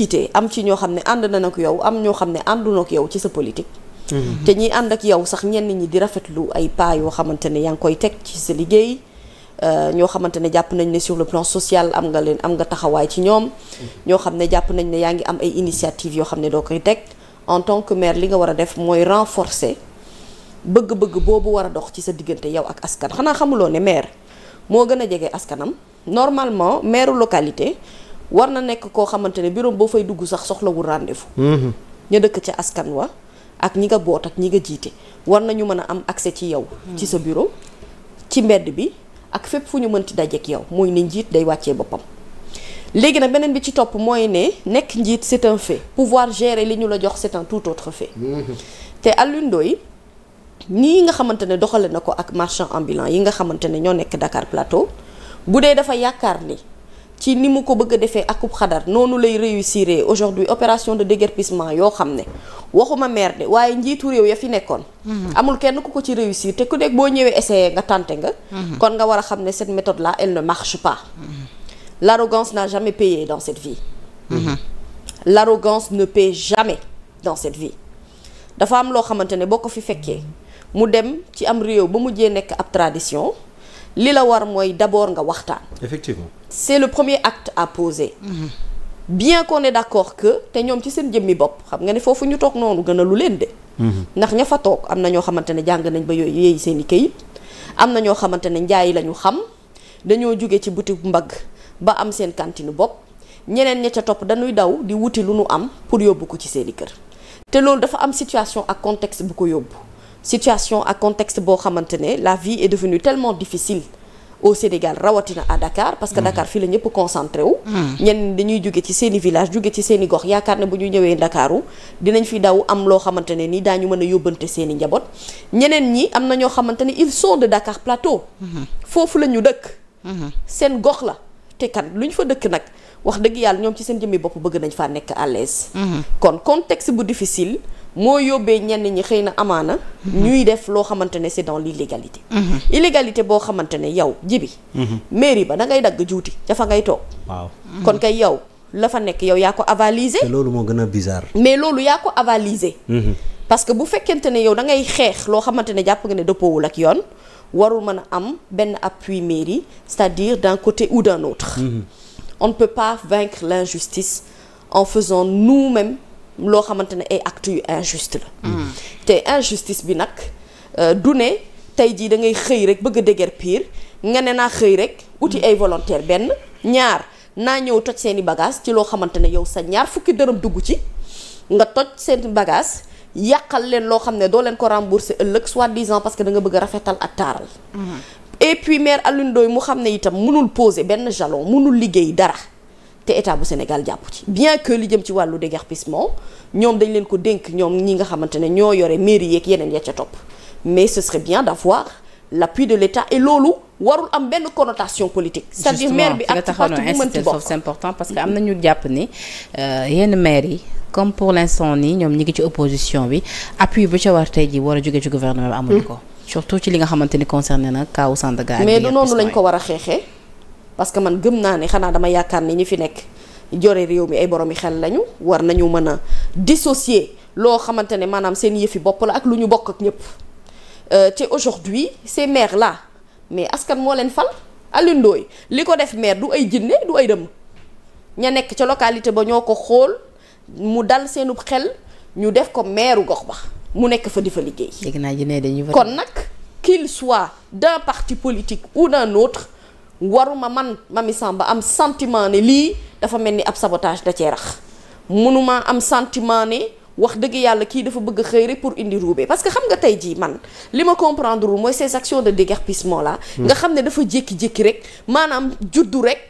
jiite am ci ñoo xam ne ànd na nag yow am ñoo xam ne ànduna ak yow ci sa politique te ñiy ànd ak yow sax ñenn ñi di rafetlu ay pas yoo xamante ne yaa ngi koy teg ci sa liggéey euh, ñoo xamante ne jàpp nañ ne sur le plan social am nga leen am nga taxawaay ci ñoom ñoo xam ne jàpp nañ ne yaa ngi am ay initiative yoo xam ne doo koy teg en tant que maire li nga war a def mooy renforcer bëgg-bëgg boobu war a dox ci sa diggante yow ak askan xanaa xamuloo ne maire moo gën a jege askanam normalement maire localité war na nekk koo xamante ne bureau boo fay dugg sax soxlawul rendez-vous. Mhm. ña dëkk ca askan wa ak ñi nga boot ak ñi nga jiite war nañu mën a am accès ci yow. ci sa bureau ci mbedd bi ak fépp fu ñu mënti dajeek yow mooy ne njiit day wàccee boppam. léegi nag beneen bi ci topp mooy ne nekk njiit c'est un fait pouvoir gérer li ñu la jox c'est un tout autre fait. Mhm. te Alioune Ndoye nii nga xamante ne doxale na ko ak marchand ambulant yi nga xamante ne ñoo nekk Dakar Plateau bu dee dafa yaakaar ni. ci ni mu ko bëgg a defee akub xadar noonu lay réussir aujourd'hui opération de déguerpissement yoo xam ne waxuma maire de waaye njiitu réew ya fi nekkoon. Mhm. amul kenn ku ko ci réussir te ku nekk boo ñëwee essayé nga tante nga. Mhm. kon nga war a xam ne cette méthode là elle ne marche pas. Mhm. l'arrogance n'a jamais payé dans cette vie. l'arrogance ne paie jamais dans cette vie. dafa am loo xamante ne boo ko fi fekkee mu dem ci am réew ba mujjee nekk ab tradition. li la war mooy d'abord nga waxtaan. effectivement c'est le premier acte à poser. Mmh. bien qu'on est d'accord que te ñoom ci seen jëmmi bopp xam nga ne foofu ñu toog noonu gën a lu leen de. Mm-hmm. ndax ña fa toog am na ñoo xamante ne jàng nañ ba yooyu yeey seen i këyit am na ñoo xamante ne njaay la ñu xam dañoo jóge ci boutique mbagg ba am seen cantine ñeneen ña ca topp dañuy daw di wuti lu nu am pour yóbbu ko ci seen i kër te loolu dafa am situation ak contexte bu ko yóbbu. situation ak contexte boo xamante ne la vie est devenue tellement difficile au Sénégal rawatina à Dakar parce que mm-hmm. Dakar fi la ñëpp concentré wu mm-hmm. ñenn dañuy jóge ci seeni village jóge ci seeni gox yaakaar ne bu ñu ñëwee Ndakaaru dinañ fi daw am loo xamante ne ni daañu mën a yóbbante seeni njaboot ñeneen ñi am na ñoo xamante ne ils sont de Dakar Plateau mm-hmm. foofu la ñu dëkk seen gox la te kan lu ñu fa dëkk nag wax dëgg yàlla ñoom ci seen jëmmi bopp bëgg nañ faa nekk à l'aise kon contexte bu difficile moo yóbbee ñenn ñi xëy na amaana. ñuy def loo xamante ne c'est dans l'illégalité. Mm-hmm. illégalité boo xamante ne yow jibi mm-hmm. mairie ba da ngay dagg juuti dafa ngay toog. waaw kon kay yow la fa nekk yow yaa ko avalisé. loolu moo gën a bizarre. mais loolu yaa ko avalisé. Mm-hmm. parce que bu fekkente ne yow da ngay xeex loo xamante ne jàpp nga ne dëppoowul ak yoon. warul mën a am benn appui mairie c'est-à-dire dans côté ou d'un autre. Mmh. on ne peut pas vaincre l'injustice en faisant nous-mêmes loo xamante ne ay actu yu injuste la. te injustice bi nag euh, du ne tey jii da ngay xëy rek bëgg a déguerpir nga ne naa xëy rek uti ay volontaire benn ñaar naa ñëw toj seeni i ci loo xamante ne yow sa ñaar fukki dërëm dugg ci nga toj seen i bagage yàqal leen loo xam ne doo leen ko rembourser ëllëg soi-disant parce que da nga bëgg rafetal ak taaral. Mm-hmm. et puis maire Alioune mu xam ne itam mënul poser benn jalon mënul liggéey dara. te état bu Sénégal jàpp ci bien que li jëm ci wàllu déguerpissement ñoom dañ leen ko dénk ñoom ñi nga xamante ne ñoo yore mairie yeeg yeneen ya ca topp mais ce serait bien d'avoir l'appui de l'État et loolu warul am benn connotation politique c'est-à-dire maire bi important parce que am mm-hmm. na ñu jàpp ni euh, yenn maire yi comme pour l'instant nii ñoom ñi ngi ci opposition bi appui bu ca war tey ji war a jógee ci gouvernement bi amuñu mm-hmm. ko surtout ci li nga xamante ni concerné na kaw Sandaga mais du noonu lañ ko war a xeexee parce que man gëm naa ni xanaa dama yaakaar ni ñi fi nekk jore réew mi ay boromi xel lañu war nañu mën a dissocier loo xamante ne maanaam seen yëfi bopp la ak lu ñu bokk ak ñëpp euh, te aujourd'hui ces maires là mais askan moo leen fal Alioune li ko def maire du ay jinne du ay dëmm ña nekk ca localité ba ñoo ko xool mu dal seenub xel ñu def ko maire gox ba mu nekk fa di fa liggéey. naa ji ne dañuy kon nag qu'il soit d'un parti politique ou d'un autre waruma man Mamy Samba am sentiment ne lii dafa mel ni ab sabotage da cee rax mënuma am sentiment ne wax dëgg yàlla kii dafa bëgg xëy rek pour indi ruube parce que xam nga tey jii man li ma comprendre mooy ces actions de déguerpissement la hmm. nga xam ne dafa jékki-jékki rek maanaam juddu rek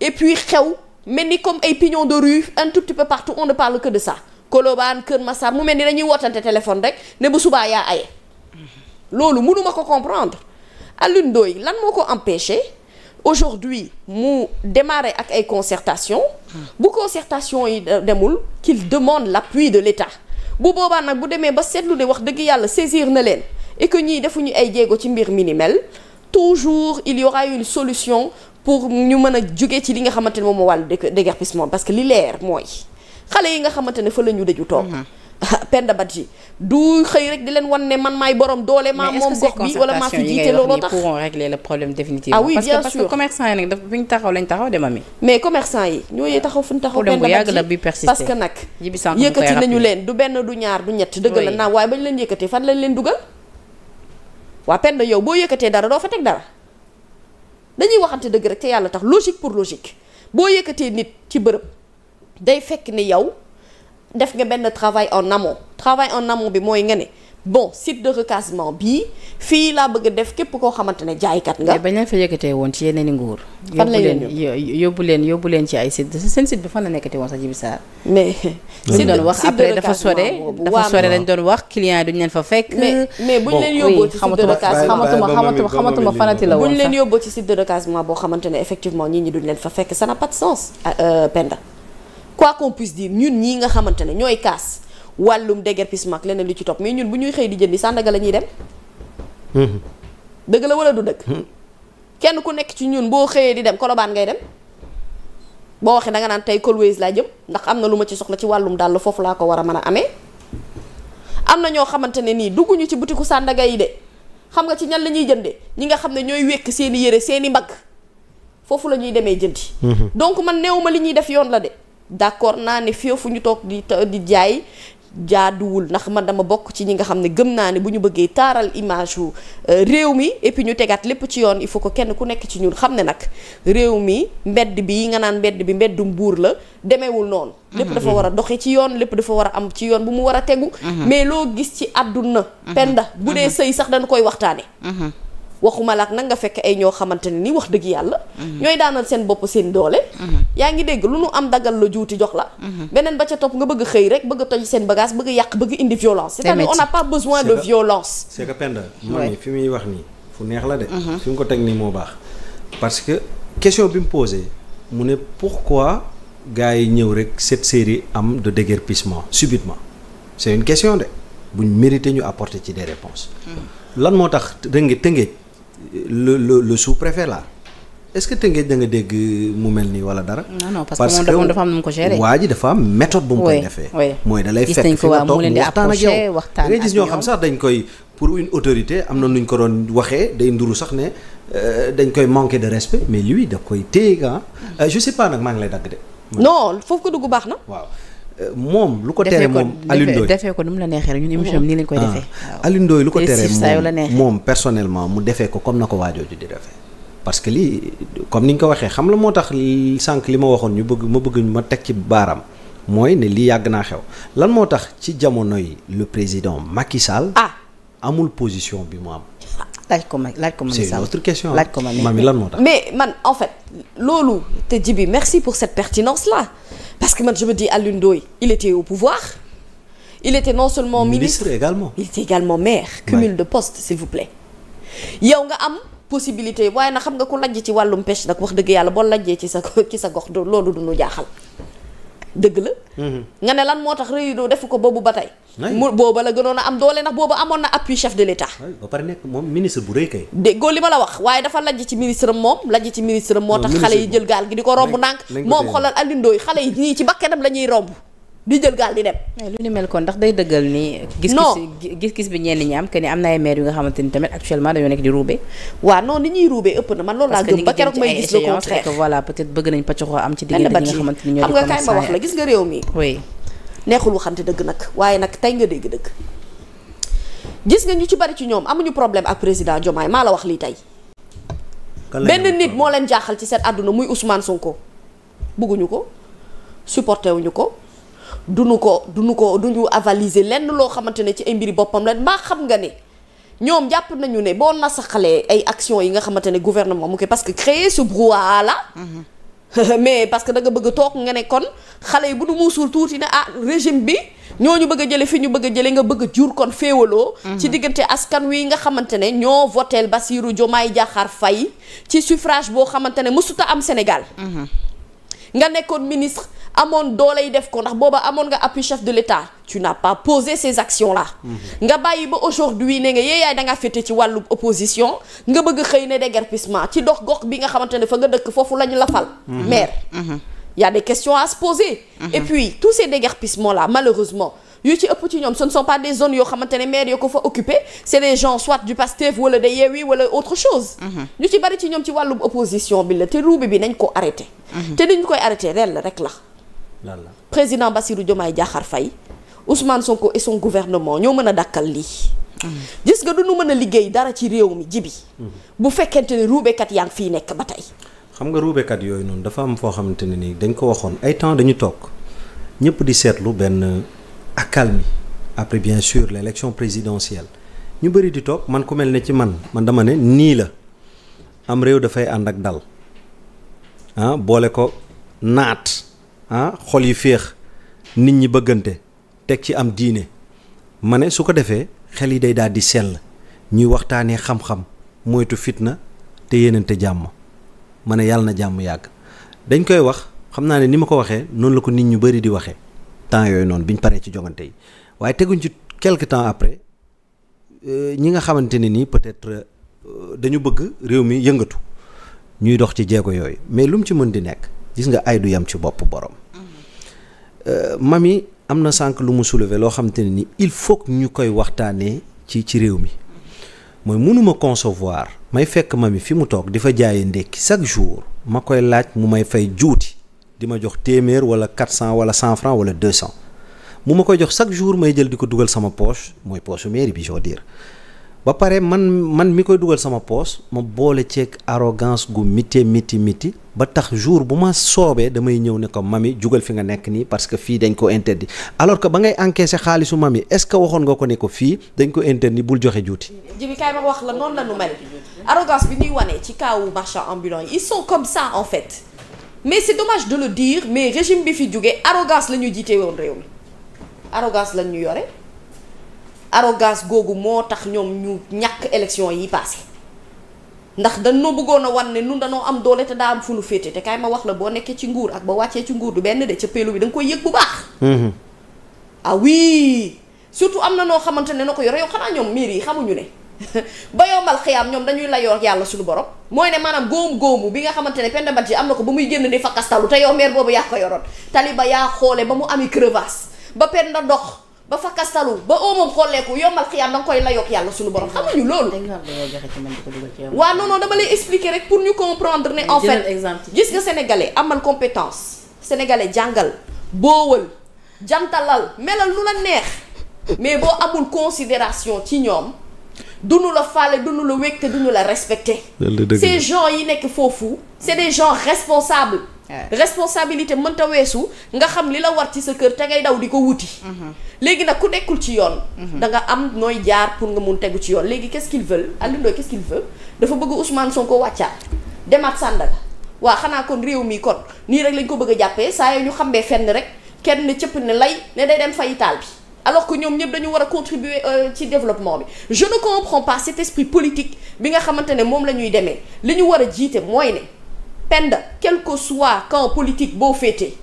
et puis xew mel ni comme ay pignon de rue un tout petit peu partout on ne parle que de ça Colobane Kër Massar mu mel ni dañuy wootante téléphone rek ne bu subaa yaa hmm. mënuma ko comprendre Alioune Ndoye lan moo ko empêché aujourd'hui mu démarrer ak ay concertation bu concertation yi euh, demul qu'il demande l'appui de l'État bu boobaa nag bu demee ba seetlu ne wax dëgg yàlla saisir na leen et que ñii defuñu ay jéego ci mbir mi ni mel toujours il y aura une solution pour ñu mën a jóge ci li nga xamante ne moom moo wàllu déguerpissement parce que li leer mooy xale yi nga xamante ne fa la ñu dëju toog mhm. Penda Badji du xëy rek di leen wan ne man maay borom doole maa moom gox bi wala maa fi jiite looloo tax pourront régler le problème définitivement ah oui bien sûr parce que commerçant yi nag dafa bu ñu taxaw lañ taxaw dema mi mais commerçant yi ñooyee taxaw fu ñu taxaw Penda Badji parce que nag yëkkati nañu leen du benn du ñaar du ñett dëgg la naam waaye ba ñu leen yëkkatee fan lañ leen dugal waa Penda yow boo yëkkatee dara doo fa teg dara dañuy waxante dëgg rek te yàlla tax logique pour logique boo yëkkatee nit ci bërëb day fekk ni yow def nga benn travail en amont travail en amont bi mooy nga ne bon site de recasement bii fii laa bëgg def képp koo xamante ne jaaykat nga. bañ leen fa yëkkatee woon ci yeneen i nguur. fan la leen yóbbu leen yóbbu leen ci ay site seen site bi fan la nekkatee woon sax Djiby Sarr. mais site doon wax après dafa sore dafa sore dañ doon wax client yi duñ leen fa fekk. mais mais buñ leen yóbboo ci site de recasement xamatuma xamatuma xamatuma la woon buñ leen yóbboo ci boo xamante ne effectivement ñi duñ leen fa fekk ça n'a pas de sens euh, Penda. quoi qu'on puisse dire ñun ñii nga xamante ne ñooy kaas wàllum déguerpissement ak leneen lu ci topp mais ñun bu ñuy xëy di jëndi Sandaga la ñuy dem. Mhm. dëgg la wala du dëgg. Mhm. kenn ku nekk ci ñun boo xëyee di dem kolobaan ngay dem. boo waxee da nga naan tey Colways laa jëm ndax am na lu ma ci soxla ci wàllum dàll foofu laa ko war a mën a amee. am na ñoo xamante ne nii dugguñu ci butiku sàndaga yi de xam nga ci ñan la ñuy jëndee ñi nga xam ne ñooy wekk seeni yére seen i mbagg foofu la ñuy demee jëndi. Mhm. donc man néew li ñuy def yoon la de. d'accord naa ne fii fu ñu toog di di jaay jaaduwul ndax ma dama bokk ci ñi nga xam ne gëm naa ne bu ñu bëggee taaral image wu euh, réew mi et ñu tegaat lépp ci yoon il faut que kenn ku nekk ci ñun xam ne nag réew mi mbedd bi yi nga naan mbedd bi mbeddum buur la demeewul noonu. Mm-hmm. lépp dafa war a doxe ci yoon lépp dafa war a am ci yoon bu mu war a tegu. Mm-hmm. mais loo gis ci àdduna. Mm-hmm. penda bu dee sëy sax dañu koy waxtaane waxuma laak nag nga fekk ay ñoo xamante ne ni wax dëgg yàlla ñooy daanal seen bopp seen doole yaa ngi dégg lu nu am dagal la juuti jox la beneen ba ca topp nga bëgg xëy rek bëgg toj seen bagage bëgg yàq bëgg indi violence c'est-à-dire on Penda moom mi fi muy wax nii fu neex la de mhm. fi mu ko teg nii moo baax parce que question bi mu posé mu ne pourquoi gars yi ñëw rek cette série am de déguerpissement subitement c'est une question de buñ mérité ñu apporter ci des réponses mhm. lan moo tax dënge tëngeej le le le sous-préfet là est-ce que Tëngéej da nga dégg mu mel nii wala dara. parce que moom dafa am nu mu ko gérer waa ji dafa méthode bu mu koy defee. mooy da lay fekk fi nga mu waxtaan ak yow da ngay gis ñoo xam sax dañ koy pour une autorité am na nu ñu ko doon waxee day nduru sax ne euh, dañ koy manquer de respect mais lui da koy téye ah euh, je sais nag maa ngi lay dagg de. non foofu ko dugg baax na moom lu ko teree moom Alioune Ndoye defee ko nu mu la neexee rek ñun ah. lu ko teree moom personnellement mu defee ko comme na ko waajooju di defee. parce que lii comme ni ñu ko waxee xam la moo tax sànq li ma waxoon ñu bëgg ma bëgg ma teg ci baaraam mooy ne lii yàgg naa xew lan moo tax ci jamono yi le président Macky Sall. ah amul position bi mu am. laaj ko ma laaj ko ma c'est une autre question laaj ko ma mami lan moo tax. mais man en fait loolu te Djibi merci pour cette pertinence là. parce que man je me dis Alioune Ndoye il était au pouvoir il était non seulement ministre, il était également maire cumul de poste s'il vous plaît yow nga am possibilité waaye na xam nga ku lajj ci wàllum pêche nag wax dëgg yàlla boo lajjee ci sa ci sa gox loolu du ñu jaaxal dëgg la. Mhm. nga ne lan moo tax réunion defu ko boobu ba tey. mu booba la gënoon a am doole ndax booba amoon na appui chef de l'État. ba pare nekk moom ministre bu rëy kay. déggoo li ma la wax waaye dafa lajj ci ministre moom lajj ci ministre moo tax xale yi jël gaal gi di ko romb ndànk moom xoolal Alioune Ndoye xale yi ñii ci bakkanam la ñuy romb di jël gaal di dem. lu ni mel kon ndax day dëggal ni. non gis-gis bi ñenn ñi am que am na ay maire yu nga xamante ni tamit actuellement dañoo nekk di ruube. waaw non ni ñuy ruube ëpp na man loolu laa gëm ba keroog may gis le contraire voilà peut être bëgg nañ pàccoxoo am ci diggante ñi nga xam nga réew mi. neexul waxante dëgg nag waaye nag tey nga dégg dëgg gis nga ñu ci bari ci ñoom amuñu problème ak président Diomaye maa la wax lii tey. benn nit moo leen jaaxal ci seen àdduna muy Ousmane ko bëgguñu ko supporté wuñu ko duñu ko duñu ko duñu avaliser lenn loo xamante ne ci ay mbiri boppam la maa xam nga ne ñoom jàpp nañu ne boo nasaxalee ay actions yi nga xamante ne gouvernement mu koy parce que créer ce a là mm-hmm. mais parce que danga bëgg toog nga ne kon xale yi bu nu muusul tuuti ne ah régime bi ñoo ñu bëgg a jële fi ñu bëgg a jële nga bëgg jur kon féewaloo mm-hmm. ci diggante askan wi nga xamante ne ñoo voteel Bassirou Diomaye Diakhar fay ci suffrage boo xamante ne mësuta am Sénégal mm-hmm. nga nekkoon amoon doolay def ko ndax booba amoon nga appui chef de l'État tu n'as pas posé ces actions là mhm. nga bàyyi ba aujourd'hui ne nga yee yaay da ngaa ci wàllu opposition nga bëgg xëy ne déguerpissement ci dox gox bi nga xamante ne fa nga dëkk foofu la la fal mhm. maire mhm. y a des questions à se poser et puis tous ces déguerpissements là malheureusement yu ci ëpp ci ñoom ce ne sont pas des zones yoo xamante ne maire yoo ko fa occupé c'est des gens soit du Pastef wala de ñoom ci wàllub opposition bi la te ruube bi nañ ko arrêté te niñ koy arrêté rel rek la président Bassirou Diomaye Diakhar Faye Ousmane Sonko et son gouvernement ñoo mën a dakkal lii. Mm. gis nga du nu mën a liggéey dara ci réew mi jibi mm-hmm. bu fekkente ne ruubekat yaa ngi fiy nekk ba tey. xam nga ruubekat yooyu noonu dafa am foo xamante ne nii dañ ko waxoon ay temps dañu toog ñëpp di seetlu benn accalmie après bien sûr l' élection présidentielle ñu bëri di toog man ko mel ne ci man man dama ne nii la am réew dafay ànd ak dal ah boole ko naat. ah xol yi féex nit ñi bëggante teg ci am diine ma ne su ko defee xel yi day daal di sell ñuy waxtaanee xam-xam moytu fitna te te jàmm ma ne yàlla na jàmm yàgg dañ koy wax xam naa ne ni ma ko waxee noonu la ko nit ñu bëri di waxee temps yooyu noonu biñ paree ci jongante waaye teguñ ci quelque temps après euh, ñi nga xamante ne nii peut-être euh, dañu bëgg réew mi yëngatu ñuy dox ci jéego yooyu mais lu mu ci mën di nekk gis nga ay du yam ci bopp borom. Euh, mami am na sànq lu mu soulever loo xam te ne ni il faut que ñu koy waxtaanee ci ci réew mi mooy mënuma concevoir may fekk mami fi mu toog di fa jaayee ndékki chaque jour ma koy laaj mu may fay juuti di ma jox téeméer wala 400 wala 100 francs wala 200 mu ma koy jox chaque jour may jël di ko dugal sama poche mooy poche mairie bi je veux ba pare man man mi koy dugal sama poos ma boole ceeg arrogance gu miti miti miti ba tax jour bu ma soobee damay ñëw ne ko mami jugal fi nga nekk nii parce que fii dañ ko interdit alors que ba ngay encaissé xaalisu mami est ce que waxoon nga ko ne ko fii dañ ko interdit bul joxe juuti. jibi kay ma wax la noonu la ñu mel arrogance bi ñuy wane ci kaw marchand ambulant yi ils sont comme ça en fait mais c'est dommage de le dire mais régime bi fi jógee arrogance la ñu jiite woon réew mi arrogance la ñu yore. arrogance googu moo tax ñoom ñu ñàkk élection yi passé ndax dañoo bëggoon a wan ne nun dañoo am doole te daa am fu nu féete te kaay ma wax la boo nekkee ci nguur ak ba wàccee ci nguur du benn de ca peelu bi da koy yëg bu baax mm-hmm. ah surtout am na noo xamante ne na ko yore yow xanaa ñoom miir yi xamuñu ne ba yombal xiyaam ñoom dañuy la yàlla suñu borom mooy ne maanaam góom-góomu bi nga xamante ne penda bat yi am na ko ba muy génn ni fakkastalu te yow meer boobu yaa ko yoroon tali ba yaa xoole ba mu ami crevasse ba penda dox ba fa kastalu ba oo moom xolleeku yombal xiyaam danga koy layoog yàlla suñu borom xamuñu loolu. waaw non non dama lay expliquer rek pour ñu comprendre ne. en fait gis nga sénégalais amal compétence. sénégalais jàngal boowal jantalal melal lu la neex mais boo amul considération ci ñoom duñu la faale duñu la wékk te duñu la respecter. ces gens yi nekk foofu. c'est des gens responsables. Eh. responsabilité mënta weesu nga xam li la war ci sa kër te ngay daw di ko wuti mhm. léegi nag ku nekkul ci yoon mhm. da nga am nooy jaar pour nga mun tegu ci yoon léegi qu'est-ce qu'ils veulent Alioune Ndoye qu'est-ce qu'ils veulent dafa bëgg Ousmane Sonko wàccaat demaat Sandaga waa xanaa kon réew mi kon nii rek lañ ko bëgg a jàppee saa yoo ñu xambee fenn rek kenn ne cëpp ne lay ne day dem fayitaal bi alors que ñoom ñëpp dañu war a contribuer euh, ci développement bi je ne comprends pas cet politique bi xamante ne moom la ñuy demee li ñu war a jiite mooy ne pend quel que soit camp politique boo féetee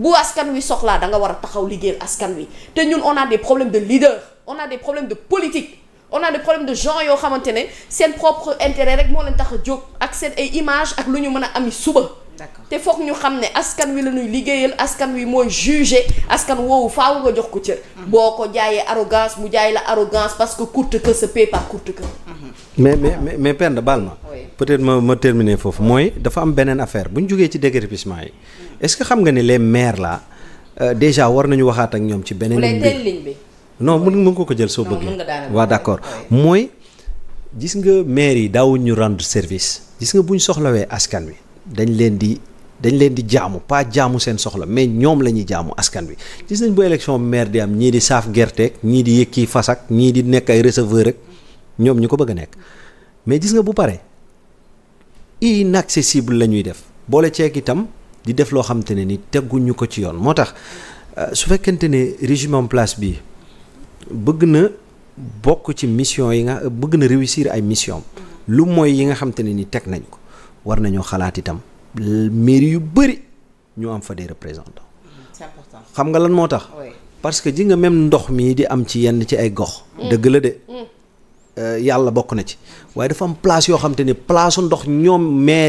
bu askan wi soxlaa da nga war a taxaw liggéey askan wi te ñun on a des problèmes de leader on a des problèmes de politique on a des problèmes de gens yoo xamante ne seen propre intérêt rek moo leen tax a jóg ak seen ay image ak lu ñu mën a ami suba te foog ñu xam ne askan wi la ñuy liggéeyal askan wi mooy jugé askan woowu faaw nga jox ko cër. Mhm. boo ko jaayee arrogance mu jaay la arrogance parce que courte queue se paie par courte queue. Mhm. mais mais mais mais Penda baal ma. peut-être ma ma terminer foofu mooy dafa am beneen affaire bu ñu jógee ci déguerpissement yi. Mhm. est-ce que xam nga ne les maires là euh, déjà war nañu waxaat ak ñoom ci beneen. ligne bi non mën mën ko ko jël soo bëggee. waa d'accord mooy. gis nga maire yi daawuñu rendre service gis nga buñ soxlawee askan wi. dañ leen di dañ leen di jaamu pas jaamu seen soxla mais ñoom la ñuy jaamu askan bi gis nañ bu élection maire di am ñii di saaf gerteeg ñii di yëkki fasak ñii di nekk ay receveur rek ñoom ñu ko bëgg a nekk mais gis nga bu pare inaccessible la ñuy def boole ceek itam di def loo xamante ne ni teguñu ko ci yoon moo tax euh, su fekkente ne régime en place bi bëgg na bokk ci mission yi nga bëgg na réussir ay mission lu mooy yi nga xamante ne ni teg nañ ko war nañoo xalaat itam mairie yu bëri ñu am fa des représentants. c'est important xam nga lan moo tax. parce que ji nga même ndox mii di am ci yenn ci ay gox. Mm. dëgg la de mm. euh, yàlla bokk na ci waaye dafa am place yoo xam te ne place ndox ñoom maire